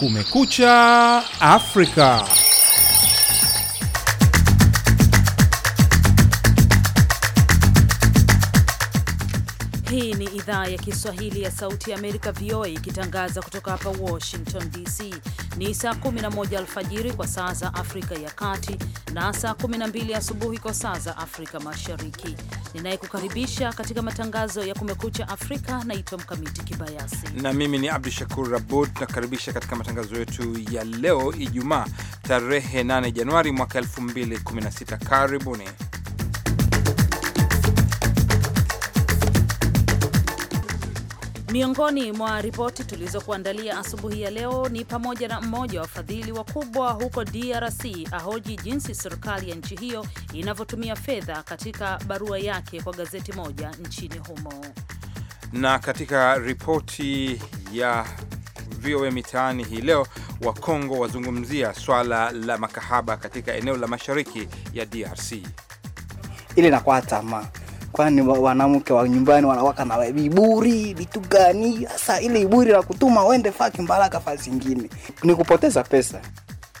Kumekucha Afrika. Hii ni idhaa ya Kiswahili ya Sauti ya Amerika, VOA, ikitangaza kutoka hapa Washington DC. Ni saa 11 alfajiri kwa saa za Afrika ya Kati na saa 12 asubuhi kwa saa za Afrika Mashariki. Ninayekukaribisha katika matangazo ya Kumekucha Afrika naitwa Mkamiti Kibayasi na mimi ni Abdu Shakur Abud. nakaribisha katika matangazo yetu ya leo Ijumaa, tarehe 8 Januari mwaka 2016. Karibuni. Miongoni mwa ripoti tulizokuandalia asubuhi ya leo ni pamoja na mmoja wa wafadhili wakubwa huko DRC ahoji jinsi serikali ya nchi hiyo inavyotumia fedha katika barua yake kwa gazeti moja nchini humo. Na katika ripoti ya VOA Mitaani hii leo, Wakongo wazungumzia swala la makahaba katika eneo la mashariki ya DRC. Ili nakwaa tamaa kwani wanamke wa nyumbani wanawaka na viburi vitu gani? hasa ile iburi la kutuma uende faki mbaraka fa zingine ni kupoteza pesa.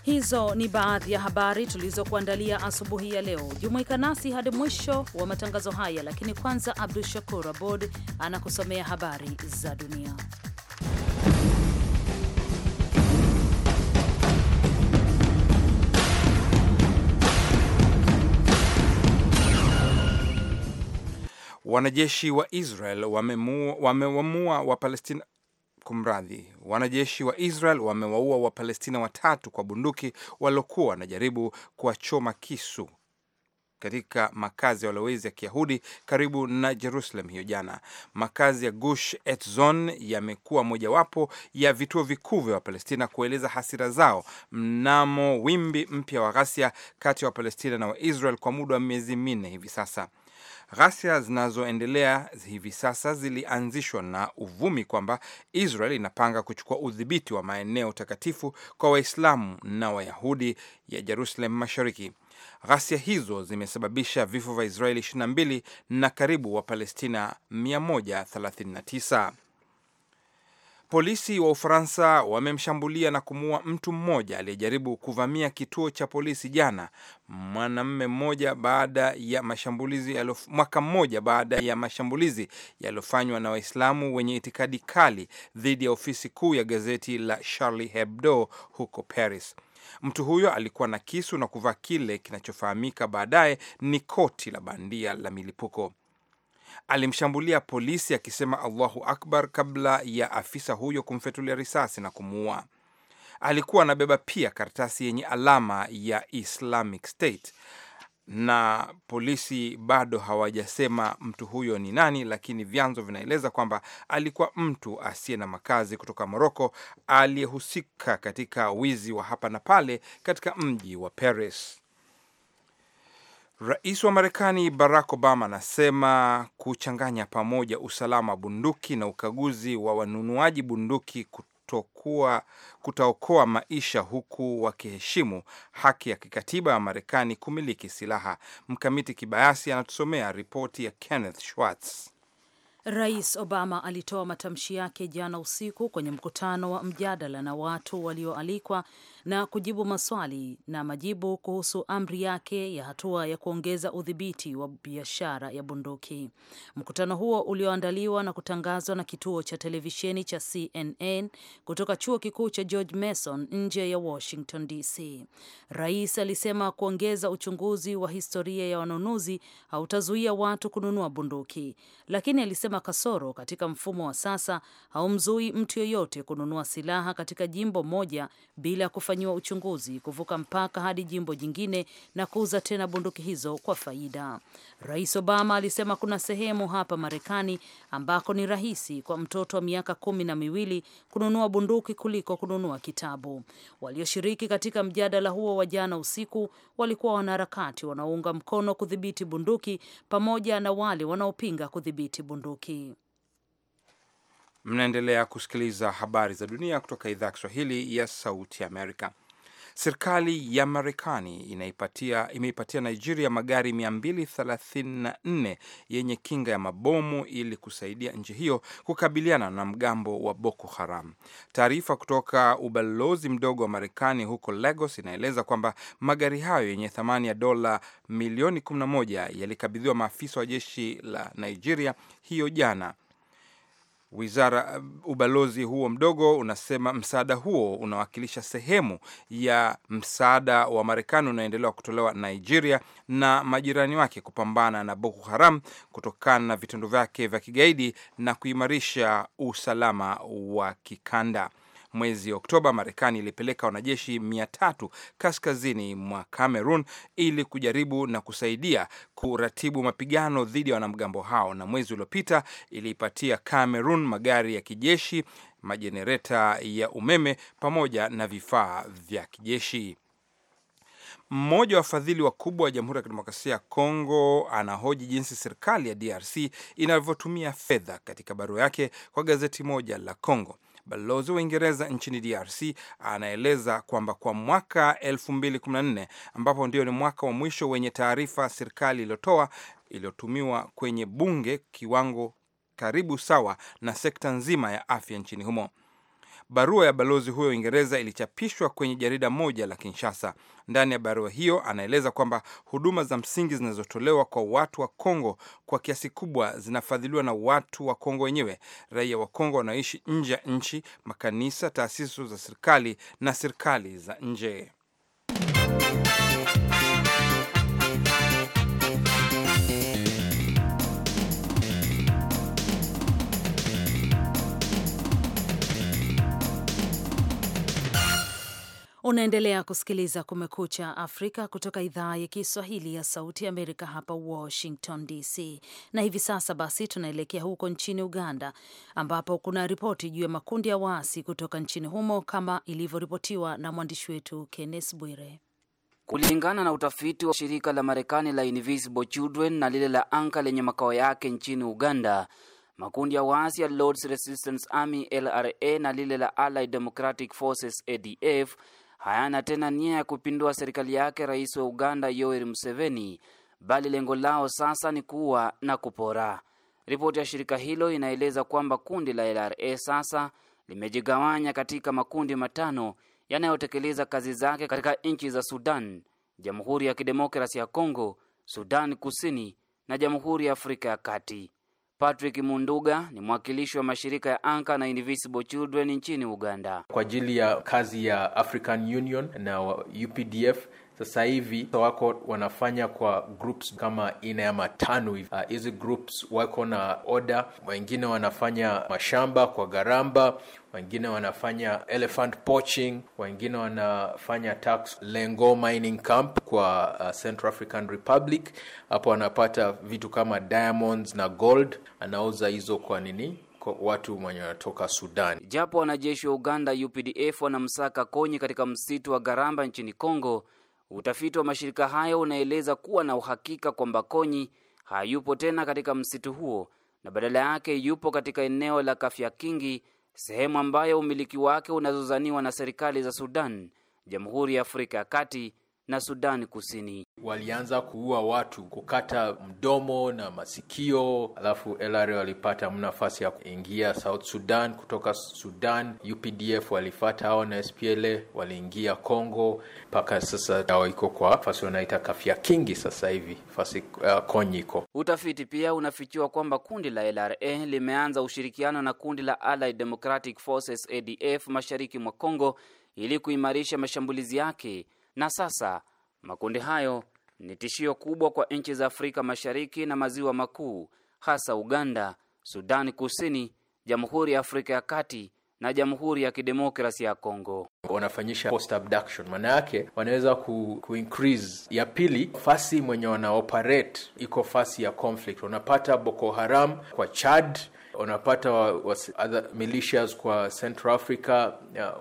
Hizo ni baadhi ya habari tulizokuandalia asubuhi ya leo. Jumuika nasi hadi mwisho wa matangazo haya, lakini kwanza Abdu Shakur Abod anakusomea habari za dunia. Wanajeshi wa Israel wamewaua Wapalestina Kumradhi, wanajeshi wa Israel wamewaua Wapalestina watatu kwa bunduki waliokuwa wanajaribu kuwachoma kisu katika makazi ya walowezi ya Kiyahudi karibu na Jerusalem hiyo jana. Makazi ya Gush Etzon yamekuwa mojawapo ya vituo vikuu vya Wapalestina kueleza hasira zao mnamo wimbi mpya wa ghasia kati ya Wapalestina na Waisrael kwa muda wa miezi minne hivi sasa. Ghasia zinazoendelea hivi sasa zilianzishwa na uvumi kwamba Israel inapanga kuchukua udhibiti wa maeneo takatifu kwa Waislamu na Wayahudi ya Jerusalem Mashariki. Ghasia hizo zimesababisha vifo vya Israeli 22 na karibu Wapalestina 139. Polisi wa Ufaransa wamemshambulia na kumuua mtu mmoja aliyejaribu kuvamia kituo cha polisi jana, mwanamume mmoja baada ya mashambulizi yalof, mwaka mmoja baada ya mashambulizi yaliyofanywa na Waislamu wenye itikadi kali dhidi ya ofisi kuu ya gazeti la Charlie Hebdo huko Paris. Mtu huyo alikuwa na kisu na kuvaa kile kinachofahamika baadaye ni koti la bandia la milipuko alimshambulia polisi akisema Allahu Akbar kabla ya afisa huyo kumfyatulia risasi na kumuua. Alikuwa anabeba pia karatasi yenye alama ya Islamic State na polisi bado hawajasema mtu huyo ni nani, lakini vyanzo vinaeleza kwamba alikuwa mtu asiye na makazi kutoka Moroko aliyehusika katika wizi wa hapa na pale katika mji wa Paris. Rais wa Marekani Barack Obama anasema kuchanganya pamoja usalama bunduki na ukaguzi wa wanunuaji bunduki kutokuwa kutaokoa maisha huku wakiheshimu haki ya kikatiba ya Marekani kumiliki silaha. Mkamiti Kibayasi anatusomea ripoti ya Kenneth Schwartz. Rais Obama alitoa matamshi yake jana usiku kwenye mkutano wa mjadala na watu walioalikwa na kujibu maswali na majibu kuhusu amri yake ya hatua ya kuongeza udhibiti wa biashara ya bunduki. Mkutano huo ulioandaliwa na kutangazwa na kituo cha televisheni cha CNN kutoka chuo kikuu cha George Mason nje ya Washington DC. Rais alisema kuongeza uchunguzi wa historia ya wanunuzi hautazuia watu kununua bunduki, lakini alisema anasema kasoro katika mfumo wa sasa haumzui mtu yeyote kununua silaha katika jimbo moja bila ya kufanyiwa uchunguzi, kuvuka mpaka hadi jimbo jingine na kuuza tena bunduki hizo kwa faida. Rais Obama alisema kuna sehemu hapa Marekani ambako ni rahisi kwa mtoto wa miaka kumi na miwili kununua bunduki kuliko kununua kitabu. Walioshiriki katika mjadala huo wa jana usiku walikuwa wanaharakati wanaounga mkono kudhibiti bunduki pamoja na wale wanaopinga kudhibiti bunduki. Uturuki. Mnaendelea kusikiliza habari za dunia kutoka idhaa ya Kiswahili ya Sauti Amerika. Serikali ya Marekani inaipatia imeipatia Nigeria magari 234 yenye kinga ya mabomu ili kusaidia nchi hiyo kukabiliana na mgambo wa Boko Haram. Taarifa kutoka ubalozi mdogo wa Marekani huko Lagos inaeleza kwamba magari hayo yenye thamani ya dola milioni 11 yalikabidhiwa maafisa wa jeshi la Nigeria hiyo jana Wizara uh, ubalozi huo mdogo unasema msaada huo unawakilisha sehemu ya msaada wa Marekani unaendelea kutolewa Nigeria na majirani wake kupambana na Boko Haram kutokana na vitendo vyake vya kigaidi na kuimarisha usalama wa kikanda. Mwezi Oktoba, Marekani ilipeleka wanajeshi mia tatu kaskazini mwa Cameroon ili kujaribu na kusaidia kuratibu mapigano dhidi ya wanamgambo hao, na mwezi uliopita iliipatia Cameroon magari ya kijeshi, majenereta ya umeme pamoja na vifaa vya kijeshi. Mmoja wa wafadhili wakubwa wa Jamhuri ya Kidemokrasia ya Kongo anahoji jinsi serikali ya DRC inavyotumia fedha katika barua yake kwa gazeti moja la Kongo. Balozi wa Uingereza nchini DRC anaeleza kwamba kwa mwaka 2014 ambapo ndio ni mwaka wa mwisho wenye taarifa serikali iliyotoa iliyotumiwa kwenye bunge kiwango karibu sawa na sekta nzima ya afya nchini humo. Barua ya balozi huyo Uingereza ilichapishwa kwenye jarida moja la Kinshasa. Ndani ya barua hiyo, anaeleza kwamba huduma za msingi zinazotolewa kwa watu wa Kongo kwa kiasi kubwa zinafadhiliwa na watu wa Kongo wenyewe, raia wa Kongo wanaoishi nje ya nchi, makanisa, taasisi za serikali na serikali za nje. Unaendelea kusikiliza Kumekucha Afrika kutoka idhaa ya Kiswahili ya Sauti ya Amerika hapa Washington DC. Na hivi sasa basi tunaelekea huko nchini Uganda ambapo kuna ripoti juu ya makundi ya waasi kutoka nchini humo kama ilivyoripotiwa na mwandishi wetu Kenneth Bwire. Kulingana na utafiti wa shirika la Marekani la Invisible Children na lile la Anka lenye makao yake nchini Uganda, makundi ya waasi ya Lords Resistance Army LRA na lile la Allied Democratic Forces ADF hayana tena nia ya kupindua serikali yake Rais wa Uganda Yoweri Museveni, bali lengo lao sasa ni kuua na kupora. Ripoti ya shirika hilo inaeleza kwamba kundi la LRA sasa limejigawanya katika makundi matano yanayotekeleza kazi zake katika nchi za Sudan, Jamhuri ya Kidemokrasi ya Kongo, Sudan Kusini na Jamhuri ya Afrika ya Kati. Patrick Munduga ni mwakilishi wa mashirika ya Anka na Invisible Children nchini Uganda kwa ajili ya kazi ya African Union na UPDF sasa hivi wako wanafanya kwa groups kama nne ama tano hivi. Ah, hizi groups wako na oda, wengine wanafanya mashamba kwa garamba, wengine wanafanya elephant poaching, wengine wanafanya tax lengo mining camp kwa uh, Central African Republic. Hapo wanapata vitu kama diamonds na gold, anauza hizo kwa nini kwa watu wenye wanatoka Sudan. Japo wanajeshi wa Uganda UPDF wanamsaka Konyi katika msitu wa Garamba nchini Kongo Utafiti wa mashirika hayo unaeleza kuwa na uhakika kwamba konyi hayupo tena katika msitu huo na badala yake yupo katika eneo la kingi sehemu ambayo umiliki wake unazozaniwa na serikali za Sudan, Jamhuri ya Afrika ya Kati na Sudani Kusini. Walianza kuua watu, kukata mdomo na masikio, alafu LRA walipata nafasi ya kuingia South Sudan. Kutoka Sudan UPDF walifata hao na SPLA waliingia Congo, mpaka sasa dawa iko kwa fasi wanaita kafya kingi sasa hivi fasi uh, konyiko. Utafiti pia unafichua kwamba kundi la LRA limeanza ushirikiano na kundi la Allied Democratic Forces ADF mashariki mwa Congo ili kuimarisha mashambulizi yake na sasa makundi hayo ni tishio kubwa kwa nchi za Afrika Mashariki na Maziwa Makuu, hasa Uganda, Sudani Kusini, Jamhuri ya Afrika ya Kati na Jamhuri ya Kidemokrasia ya Kongo. Wanafanyisha post abduction, maana yake wanaweza ku, ku increase. Ya pili, fasi mwenye wana operate iko fasi ya conflict. Wanapata Boko Haram kwa Chad, wanapata wa, wa, other militias kwa Central Africa,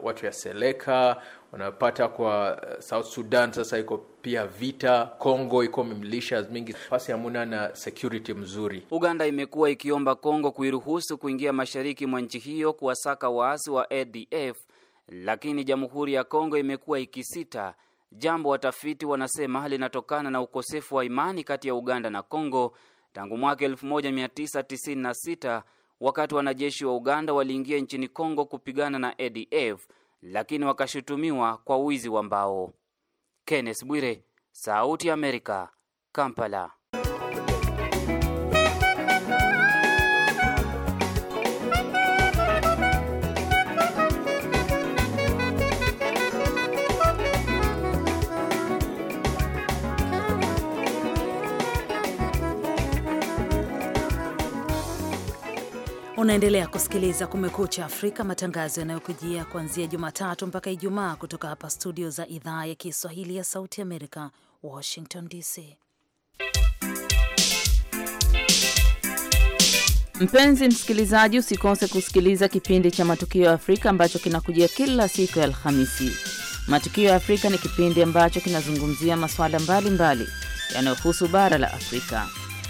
watu ya Seleka unapata kwa eh, South Sudan sasa iko pia vita, Congo iko militias mingi, basi hamuna na security mzuri. Uganda imekuwa ikiomba congo kuiruhusu kuingia mashariki mwa nchi hiyo kuwasaka waasi wa ADF, lakini Jamhuri ya congo imekuwa ikisita, jambo watafiti wanasema linatokana na ukosefu wa imani kati ya Uganda na congo tangu mwaka 1996 wakati wanajeshi wa Uganda waliingia nchini Kongo kupigana na ADF lakini wakashutumiwa kwa wizi wa mbao. Kenneth Bwire, Sauti ya Amerika, Kampala. Unaendelea kusikiliza Kumekucha Afrika, matangazo yanayokujia kuanzia Jumatatu mpaka Ijumaa kutoka hapa studio za idhaa ya Kiswahili ya Sauti Amerika, Washington DC. Mpenzi msikilizaji, usikose kusikiliza kipindi cha Matukio ya Afrika ambacho kinakujia kila siku ya Alhamisi. Matukio ya Afrika ni kipindi ambacho kinazungumzia masuala mbalimbali yanayohusu bara la Afrika.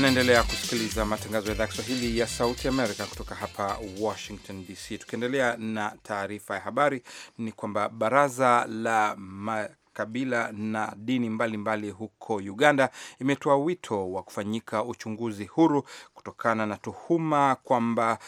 Mnaendelea kusikiliza matangazo ya idhaa Kiswahili ya Sauti Amerika kutoka hapa Washington DC. Tukiendelea na taarifa ya habari, ni kwamba baraza la makabila na dini mbalimbali mbali huko Uganda imetoa wito wa kufanyika uchunguzi huru kutokana na tuhuma kwamba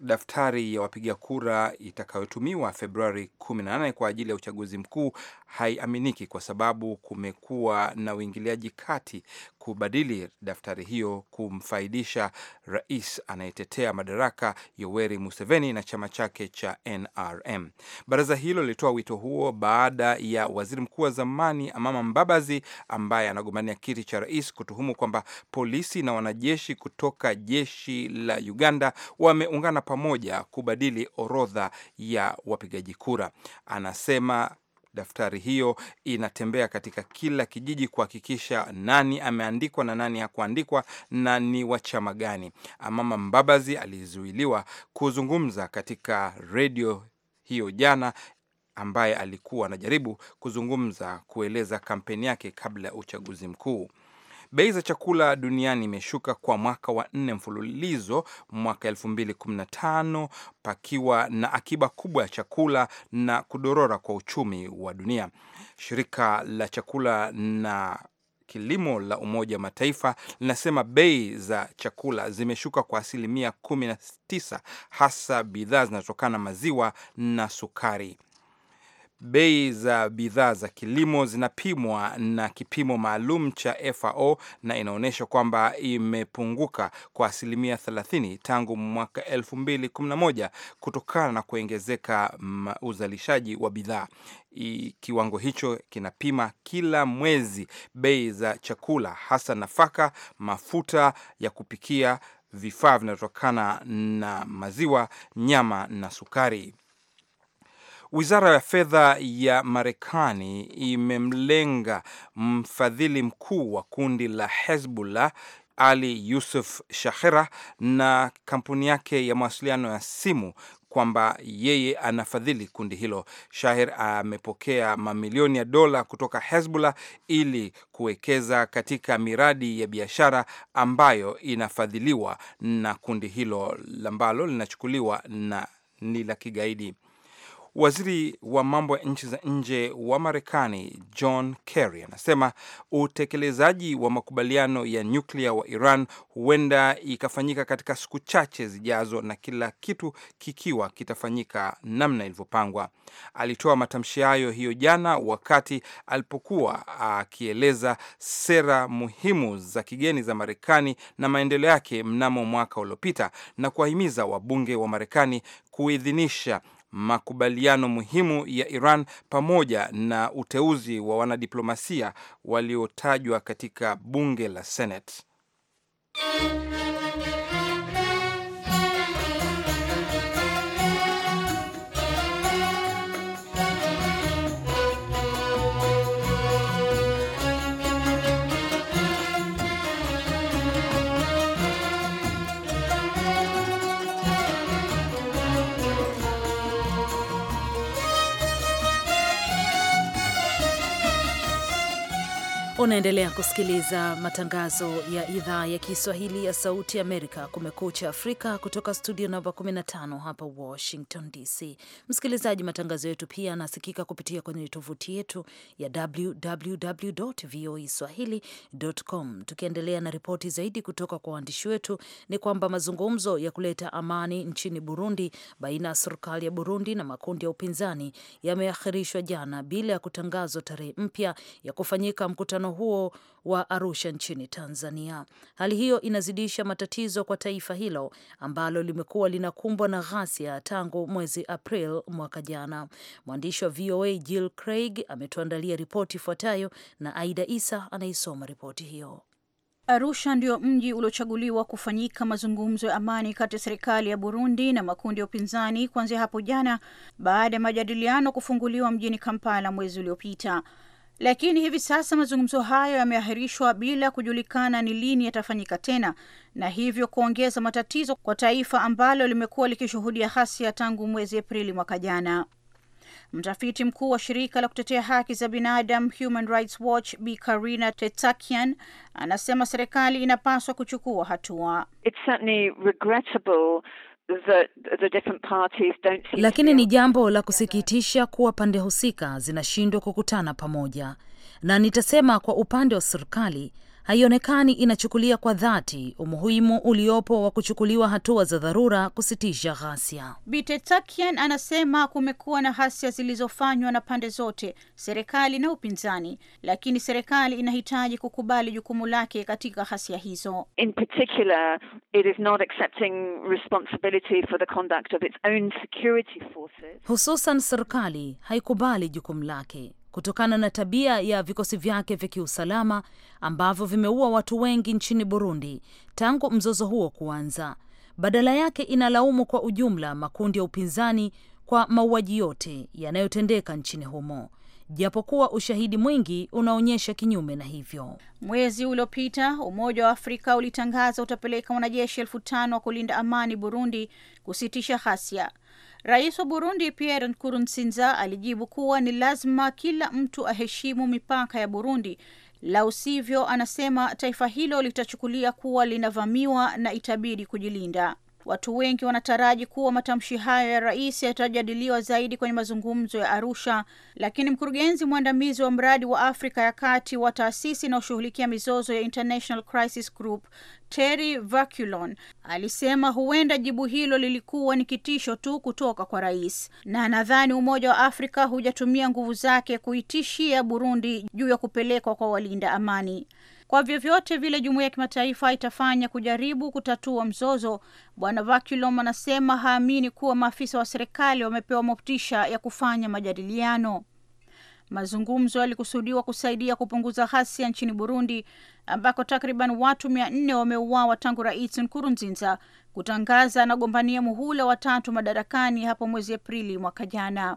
daftari ya wapiga kura itakayotumiwa Februari 18 kwa ajili ya uchaguzi mkuu haiaminiki kwa sababu kumekuwa na uingiliaji kati kubadili daftari hiyo kumfaidisha rais anayetetea madaraka Yoweri Museveni na chama chake cha NRM. Baraza hilo lilitoa wito huo baada ya waziri mkuu wa zamani Amama Mbabazi ambaye anagombania kiti cha rais kutuhumu kwamba polisi na wanajeshi kutoka jeshi la Uganda wameungana pamoja kubadili orodha ya wapigaji kura. Anasema Daftari hiyo inatembea katika kila kijiji kuhakikisha nani ameandikwa na nani hakuandikwa na ni wa chama gani. mama Mbabazi alizuiliwa kuzungumza katika redio hiyo jana, ambaye alikuwa anajaribu kuzungumza kueleza kampeni yake kabla ya uchaguzi mkuu. Bei za chakula duniani imeshuka kwa mwaka wa nne mfululizo, mwaka 2015 pakiwa na akiba kubwa ya chakula na kudorora kwa uchumi wa dunia. Shirika la chakula na kilimo la Umoja wa Mataifa linasema bei za chakula zimeshuka kwa asilimia 19, hasa bidhaa zinazotokana maziwa na sukari bei za bidhaa za kilimo zinapimwa na kipimo maalum cha FAO na inaonyesha kwamba imepunguka kwa asilimia 30 tangu mwaka 2011 kutokana na kuongezeka uzalishaji wa bidhaa. Kiwango hicho kinapima kila mwezi bei za chakula, hasa nafaka, mafuta ya kupikia, vifaa vinavyotokana na maziwa, nyama na sukari. Wizara ya fedha ya Marekani imemlenga mfadhili mkuu wa kundi la Hezbollah Ali Yusuf Shahera na kampuni yake ya mawasiliano ya simu kwamba yeye anafadhili kundi hilo. shahir amepokea mamilioni ya dola kutoka Hezbollah ili kuwekeza katika miradi ya biashara ambayo inafadhiliwa na kundi hilo ambalo linachukuliwa na ni la kigaidi. Waziri wa mambo ya nchi za nje wa Marekani John Kerry anasema utekelezaji wa makubaliano ya nyuklia wa Iran huenda ikafanyika katika siku chache zijazo, na kila kitu kikiwa kitafanyika namna ilivyopangwa. Alitoa matamshi hayo hiyo jana wakati alipokuwa akieleza sera muhimu za kigeni za Marekani na maendeleo yake mnamo mwaka uliopita, na kuwahimiza wabunge wa Marekani kuidhinisha makubaliano muhimu ya Iran pamoja na uteuzi wa wanadiplomasia waliotajwa katika bunge la Senate. Unaendelea kusikiliza matangazo ya idhaa ya Kiswahili ya Sauti Amerika, Kumekucha Afrika, kutoka studio namba 15 hapa Washington DC. Msikilizaji, matangazo yetu pia yanasikika kupitia kwenye tovuti yetu ya www voa swahili.com. Tukiendelea na ripoti zaidi kutoka kwa waandishi wetu, ni kwamba mazungumzo ya kuleta amani nchini Burundi baina ya serikali ya Burundi na makundi ya upinzani yameahirishwa jana bila ya kutangazwa tarehe mpya ya kufanyika mkutano mkutano huo wa Arusha nchini Tanzania. Hali hiyo inazidisha matatizo kwa taifa hilo ambalo limekuwa linakumbwa na ghasia tangu mwezi April mwaka jana. Mwandishi wa VOA Jill Craig ametuandalia ripoti ifuatayo na Aida Isa anaisoma ripoti hiyo. Arusha ndio mji uliochaguliwa kufanyika mazungumzo ya amani kati ya serikali ya Burundi na makundi ya upinzani kuanzia hapo jana baada ya majadiliano kufunguliwa mjini Kampala mwezi uliopita lakini hivi sasa mazungumzo hayo yameahirishwa bila kujulikana ni lini yatafanyika tena, na hivyo kuongeza matatizo kwa taifa ambalo limekuwa likishuhudia hasia tangu mwezi Aprili mwaka jana. Mtafiti mkuu wa shirika la kutetea haki za binadam Human Rights Watch b Karina Tetakian anasema serikali inapaswa kuchukua hatua. It's The, the different parties don't seem lakini ni jambo la kusikitisha kuwa pande husika zinashindwa kukutana pamoja, na nitasema kwa upande wa serikali haionekani inachukulia kwa dhati umuhimu uliopo wa kuchukuliwa hatua za dharura kusitisha ghasia. Bitetakian anasema kumekuwa na ghasia zilizofanywa na pande zote, serikali na upinzani, lakini serikali inahitaji kukubali jukumu lake katika ghasia hizo. In particular, it is not accepting responsibility for the conduct of its own security forces. Hususan serikali haikubali jukumu lake kutokana na tabia ya vikosi vyake vya kiusalama ambavyo vimeua watu wengi nchini Burundi tangu mzozo huo kuanza. Badala yake inalaumu kwa ujumla makundi ya upinzani kwa mauaji yote yanayotendeka nchini humo japokuwa ushahidi mwingi unaonyesha kinyume na hivyo. Mwezi uliopita Umoja wa Afrika ulitangaza utapeleka wanajeshi elfu tano wa kulinda amani Burundi kusitisha ghasia. Rais wa Burundi Pierre Nkurunziza alijibu kuwa ni lazima kila mtu aheshimu mipaka ya Burundi, la usivyo anasema taifa hilo litachukulia kuwa linavamiwa na itabidi kujilinda. Watu wengi wanataraji kuwa matamshi hayo ya rais yatajadiliwa zaidi kwenye mazungumzo ya Arusha, lakini mkurugenzi mwandamizi wa mradi wa Afrika ya Kati wa taasisi inayoshughulikia mizozo ya International Crisis Group Terry Vaculon alisema huenda jibu hilo lilikuwa ni kitisho tu kutoka kwa rais, na nadhani Umoja wa Afrika hujatumia nguvu zake kuitishia Burundi juu ya kupelekwa kwa walinda amani. Kwa vyovyote vile jumuiya ya kimataifa itafanya kujaribu kutatua mzozo, Bwana Vaculom anasema haamini kuwa maafisa wa serikali wamepewa motisha ya kufanya majadiliano. Mazungumzo yalikusudiwa kusaidia kupunguza ghasia nchini Burundi ambako takriban watu mia nne wameuawa tangu Rais Nkurunziza kutangaza anagombania muhula watatu madarakani hapo mwezi Aprili mwaka jana.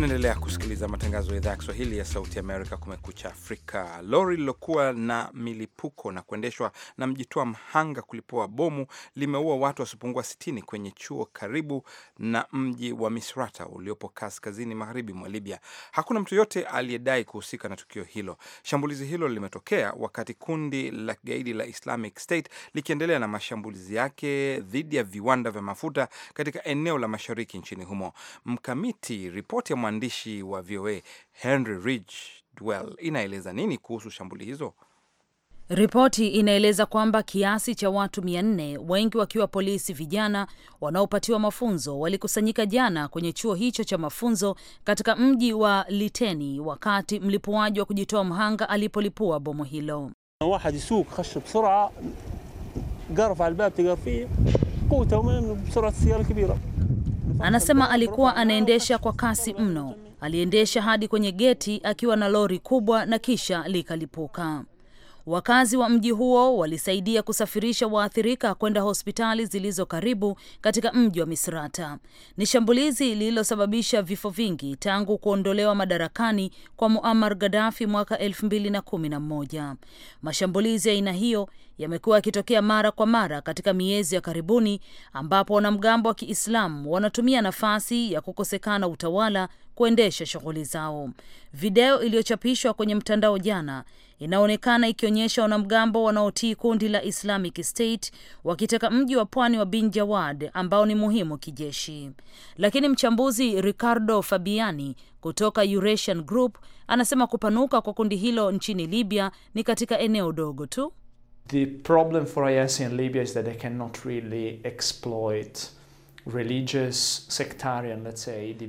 Mnaendelea kusikiliza matangazo ya idhaa ya Kiswahili ya Sauti Amerika, Kumekucha Afrika. Lori lilokuwa na milipuko na kuendeshwa na mjitoa mhanga kulipua bomu limeua watu wasiopungua 60 kwenye chuo karibu na mji wa Misrata uliopo kaskazini magharibi mwa Libya. Hakuna mtu yote aliyedai kuhusika na tukio hilo. Shambulizi hilo limetokea wakati kundi la kigaidi la Islamic State likiendelea na mashambulizi yake dhidi ya viwanda vya mafuta katika eneo la mashariki nchini humo. Mkamiti ripoti ya mwandishi wa VOA Henry Ridgewell inaeleza nini kuhusu shambuli hizo? Ripoti inaeleza kwamba kiasi cha watu mia nne, wengi wakiwa polisi vijana wanaopatiwa mafunzo, walikusanyika jana kwenye chuo hicho cha mafunzo katika mji wa Liteni wakati mlipuaji wa kujitoa mhanga alipolipua bomu hilo. Anasema alikuwa anaendesha kwa kasi mno, aliendesha hadi kwenye geti akiwa na lori kubwa na kisha likalipuka. Wakazi wa mji huo walisaidia kusafirisha waathirika kwenda hospitali zilizo karibu katika mji wa Misrata. Ni shambulizi lililosababisha vifo vingi tangu kuondolewa madarakani kwa Muammar Gaddafi mwaka 2011. Mashambulizi ya aina hiyo yamekuwa yakitokea mara kwa mara katika miezi ya karibuni, ambapo wanamgambo wa Kiislamu wanatumia nafasi ya kukosekana utawala kuendesha shughuli zao. Video iliyochapishwa kwenye mtandao jana inaonekana ikionyesha wanamgambo wanaotii kundi la Islamic State wakiteka mji wa pwani wa Bin Jawad ambao ni muhimu kijeshi. Lakini mchambuzi Ricardo Fabiani kutoka Eurasian Group anasema kupanuka kwa kundi hilo nchini Libya ni katika eneo dogo tu. The problem for IS in Libya is that they cannot really exploit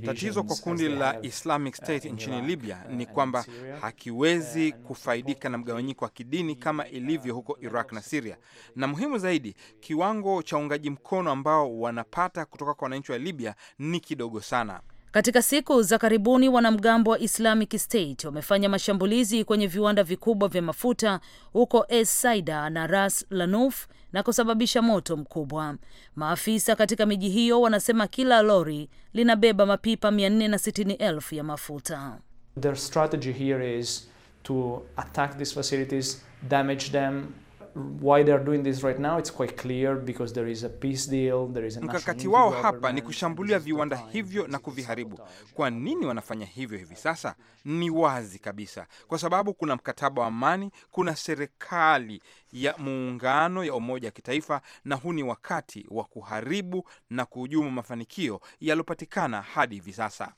Tatizo kwa kundi la Islamic uh, State nchini Libya ni kwamba hakiwezi uh, kufaidika na mgawanyiko wa kidini kama uh, ilivyo huko Iraq na Siria, na muhimu zaidi, kiwango cha uungaji mkono ambao wanapata kutoka kwa wananchi wa Libya ni kidogo sana. Katika siku za karibuni wanamgambo wa Islamic State wamefanya mashambulizi kwenye viwanda vikubwa vya mafuta huko Es Saida na Ras Lanuf na kusababisha moto mkubwa. Maafisa katika miji hiyo wanasema kila lori linabeba mapipa 460,000 ya mafuta. Their strategy here is to attack these facilities, damage them why they are doing this right now, it's quite clear because there is a peace deal, there is a mkakati wao hapa ni kushambulia viwanda hivyo na kuviharibu. Kwa nini wanafanya hivyo hivi sasa? Ni wazi kabisa, kwa sababu kuna mkataba wa amani, kuna serikali ya muungano ya umoja wa kitaifa, na huu ni wakati wa kuharibu na kuhujumu mafanikio yaliyopatikana hadi hivi sasa.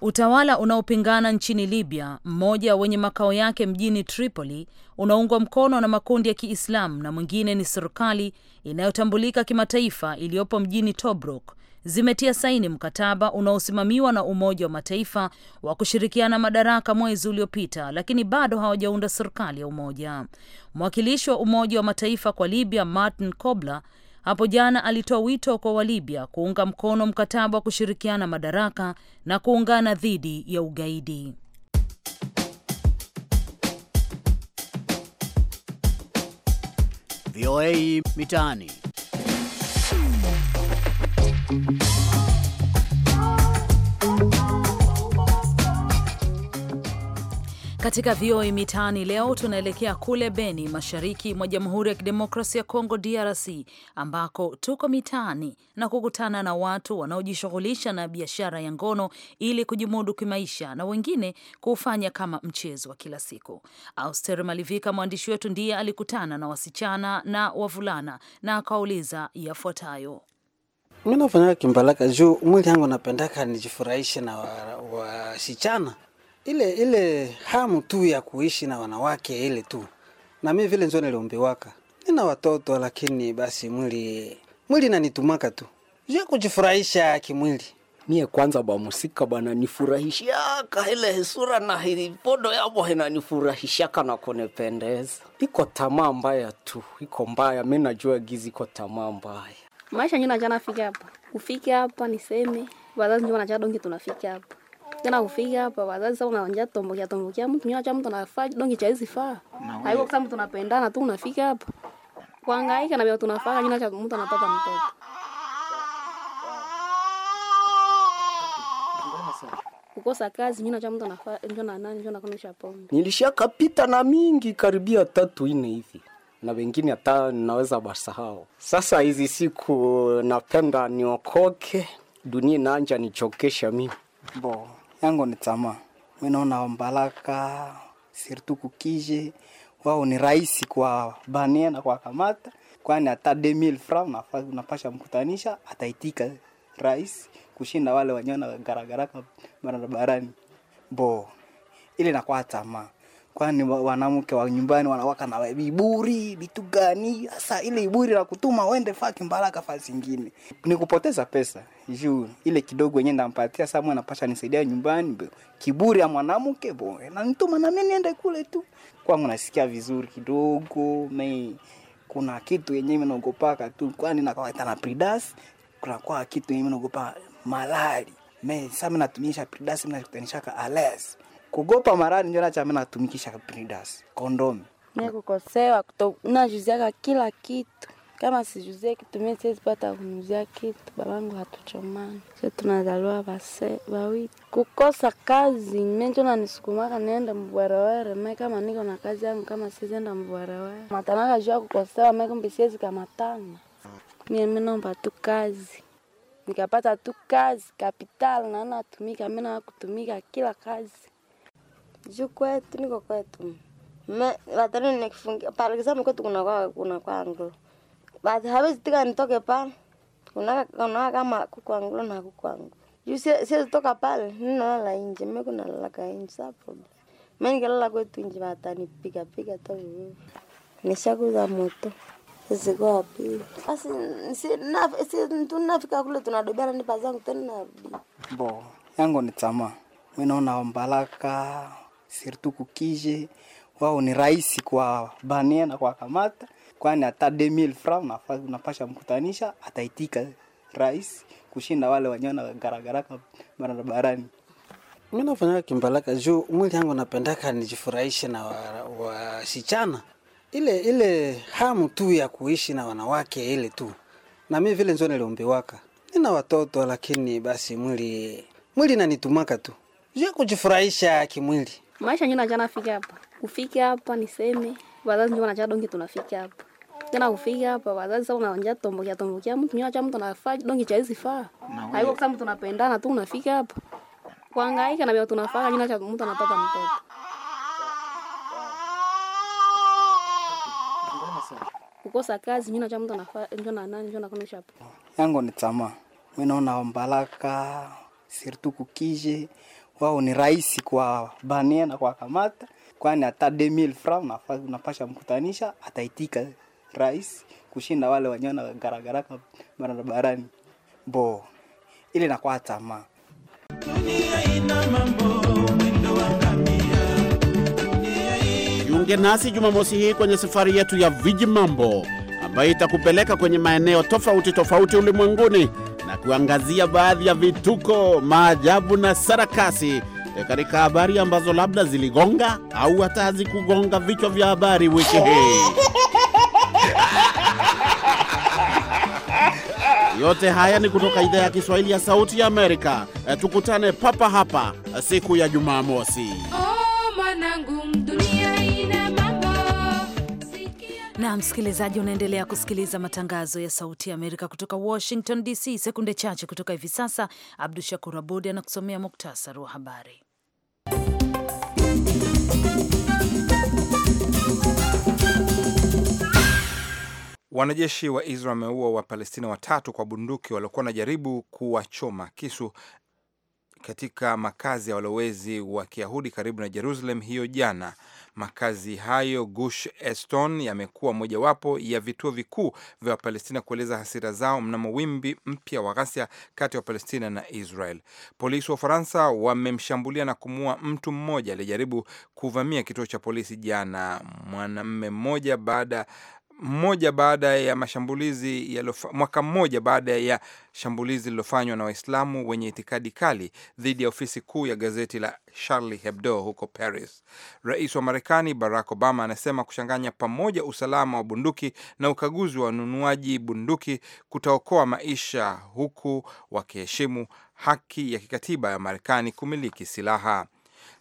Utawala unaopingana nchini Libya, mmoja wenye makao yake mjini Tripoli, unaungwa mkono na makundi ya Kiislamu na mwingine ni serikali inayotambulika kimataifa iliyopo mjini Tobruk, zimetia saini mkataba unaosimamiwa na Umoja wa Mataifa wa kushirikiana madaraka mwezi uliopita, lakini bado hawajaunda serikali ya umoja. Mwakilishi wa Umoja wa Mataifa kwa Libya Martin Kobler hapo jana alitoa wito kwa Walibya kuunga mkono mkataba wa kushirikiana madaraka na kuungana dhidi ya ugaidi. VOA Mitaani. Katika VOA Mitaani leo tunaelekea kule Beni, mashariki mwa Jamhuri ya Kidemokrasia ya Kongo, DRC, ambako tuko mitaani na kukutana na watu wanaojishughulisha na biashara ya ngono ili kujimudu kimaisha na wengine kuufanya kama mchezo wa kila siku. Auster Malivika, mwandishi wetu, ndiye alikutana na wasichana na wavulana na akawauliza yafuatayo. Mi nafanyaga kimbalaka juu mwili yangu napendaka nijifurahishe na wasichana wa ile ile hamu tu ya kuishi na wanawake ile tu, na mimi vile nzo niliombiwaka, nina watoto lakini basi mwili mwili nanitumaka tu je kujifurahisha kimwili. Mie kwanza bamusika bana nifurahishiaka ile sura na hili hipodo yabo inanifurahishaka na kunipendeza. Iko tamaa mbaya tu, iko mbaya. Mimi najua gizi iko tamaa mbaya maisha njona jana fika hapa ufike hapa niseme wazazi njona jadongi tunafika hapa tena kufika hapa wazazi sasa, unaanza tombokia tombokia mtu nyoa cha mtu anafaa donge cha hizi faa haiko, kwa mtu anapendana tu, unafika hapa kuhangaika na bila tunafaa jina cha mtu anapata mtoto. Kukosa kazi jina cha mtu anafaa ndio na nani ndio nakonesha pombe. Nilishakapita na mingi karibia tatu nne hivi na wengine hata naweza basahau. Sasa hizi siku napenda niokoke, dunia inaanza nichokesha mimi Bon yangu ni tamaa. Mimi naona Mbaraka Sirtu Kukije wao ni rahisi kwa bania na kwa kamata, kwani hata 2000 francs unapasha mkutanisha ataitika rahisi kushinda wale wanyona garagaraka barabarani. Bo ile nakuwa tamaa kwani wanamke wa nyumbani wanawaka na viburi vitu gani? hasa ile iburi la kutuma uende faki mbaraka fa zingine ni kupoteza pesa juu ile kidogo yenyewe ndampatia sasa, mwana anapasha nisaidia nyumbani bo. Kiburi ya mwanamke bo na nituma na mimi niende kule tu kwangu, nasikia vizuri kidogo me kuna kitu yenyewe mnogopaka tu, kwani nakawaita na pridas, kuna kwa kitu yenye mnogopa malali me sasa, mnatumisha pridas mnakutanisha ka ales kugopa marani ndio nacha mimi natumikisha Prinidas kondomi mimi kukosewa kutokuna kila kitu kama sijuzie kitu mimi siwezi kunuzia kitu. Babangu hatuchomani so tunazaliwa base bawili. Kukosa kazi mimi ndio nanisukumaka niende mbwerewere mimi, kama niko na kazi yangu, kama sizienda mbwerewere matanaka jua kukosewa mimi, kumbe siwezi kamatana mimi. Mimi tu kazi, nikapata tu kazi kapitali na natumika mimi kila kazi juu kwetu niko kwetu vatano nikifungia par example kwetu kuna kwa kuna kwa anglo basi hawezi tika nitoke pale kuna kuna kama kwa anglo na kwa anglo juu siwezi toka pale ninalala nje mimi kuna lala nje sa problem mimi nikilala kwetu nje watanipiga piga tu nishakuza moto ziko wapi? Basi si, na, si tunafika kule tunadobeana nipa zangu tena Bo yangu ni tamaa, mimi naona ombalaka surtout kukije, wao ni rahisi kwa bania na kwa kamata, kwani hata 2000 francs unapasha mkutanisha ataitika rahisi kushinda wale wanyona garagaraka barabarani. Mimi nafanya kimbalaka juu mwili yangu napendaka nijifurahishe na wasichana wa ile ile hamu tu ya kuishi na wanawake ile tu, na mimi vile nzo niliombiwaka. Nina watoto lakini basi mwili mwili nanitumaka tu juu ya kujifurahisha kimwili maisha yenyewe nachana fika hapa. Kufika hapa niseme wazazi ndio wanacha donge tunafika hapa. Tena kufika hapa wazazi sasa unaanja tombokia tombokia mtu nyoa cha mtu anafaa donge cha hizi faa. Haiko kama mtu anapendana tu unafika hapa. Kuhangaika na bila tunafaa jina cha mtu anapata mtoto. Kukosa kazi jina cha mtu anafaa ndio nani ndio nakonesha hapa. Yango ni tamaa. Mimi naona baraka sirtu kukije wao ni rahisi bania na kamata, kwani hata demil unapasha mkutanisha ataitika rahisi kushinda wale wanyona garagaraka barabarani. Bo ile kwa tamaa Jiunge nasi Jumamosi hii kwenye safari yetu ya Vijimambo ambayo itakupeleka kwenye maeneo tofauti tofauti ulimwenguni na kuangazia baadhi ya vituko, maajabu na sarakasi eh, katika habari ambazo labda ziligonga au hata hazikugonga vichwa vya habari wiki hii. Yote haya ni kutoka idhaa ya Kiswahili ya Sauti ya Amerika. Eh, tukutane papa hapa eh, siku ya Jumamosi. na msikilizaji, unaendelea kusikiliza matangazo ya Sauti ya Amerika kutoka Washington DC. Sekunde chache kutoka hivi sasa, Abdu Shakur Abud anakusomea muktasari wa habari. Wanajeshi wa Israel wameua Wapalestina watatu kwa bunduki waliokuwa wanajaribu kuwachoma kisu katika makazi ya walowezi wa Kiyahudi karibu na Jerusalem hiyo jana. Makazi hayo Gush Eston yamekuwa mojawapo ya vituo vikuu vya Wapalestina kueleza hasira zao mnamo wimbi mpya wa ghasia kati ya Wapalestina na Israel. Polisi wa Ufaransa wamemshambulia na kumua mtu mmoja aliyejaribu kuvamia kituo cha polisi jana, mwanamme mmoja baada mmoja baada ya mashambulizi ya mwaka mmoja baada ya shambulizi lililofanywa na Waislamu wenye itikadi kali dhidi ya ofisi kuu ya gazeti la Charlie Hebdo huko Paris. Rais wa Marekani Barack Obama anasema kuchanganya pamoja usalama wa bunduki na ukaguzi wa wanunuaji bunduki kutaokoa maisha huku wakiheshimu haki ya kikatiba ya Marekani kumiliki silaha.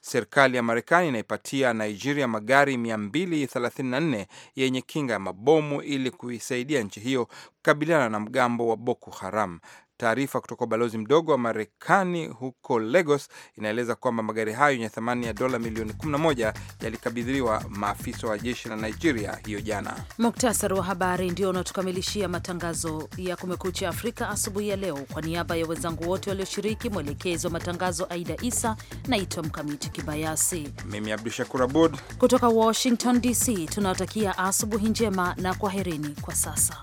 Serikali ya Marekani inaipatia Nigeria magari 234 yenye kinga ya mabomu ili kuisaidia nchi hiyo kukabiliana na mgambo wa Boko Haram. Taarifa kutoka ubalozi mdogo wa Marekani huko Lagos inaeleza kwamba magari hayo yenye thamani ya dola milioni 11 yalikabidhiwa maafisa wa jeshi la Nigeria hiyo jana. Muktasari wa habari ndio unatukamilishia matangazo ya Kumekucha Afrika asubuhi ya leo. Kwa niaba ya wenzangu wote walioshiriki, mwelekezi wa matangazo Aida Isa, naitwa Mkamiti Kibayasi, mimi Abdu Shakur Abud kutoka Washington DC, tunawatakia asubuhi njema na kwaherini kwa sasa.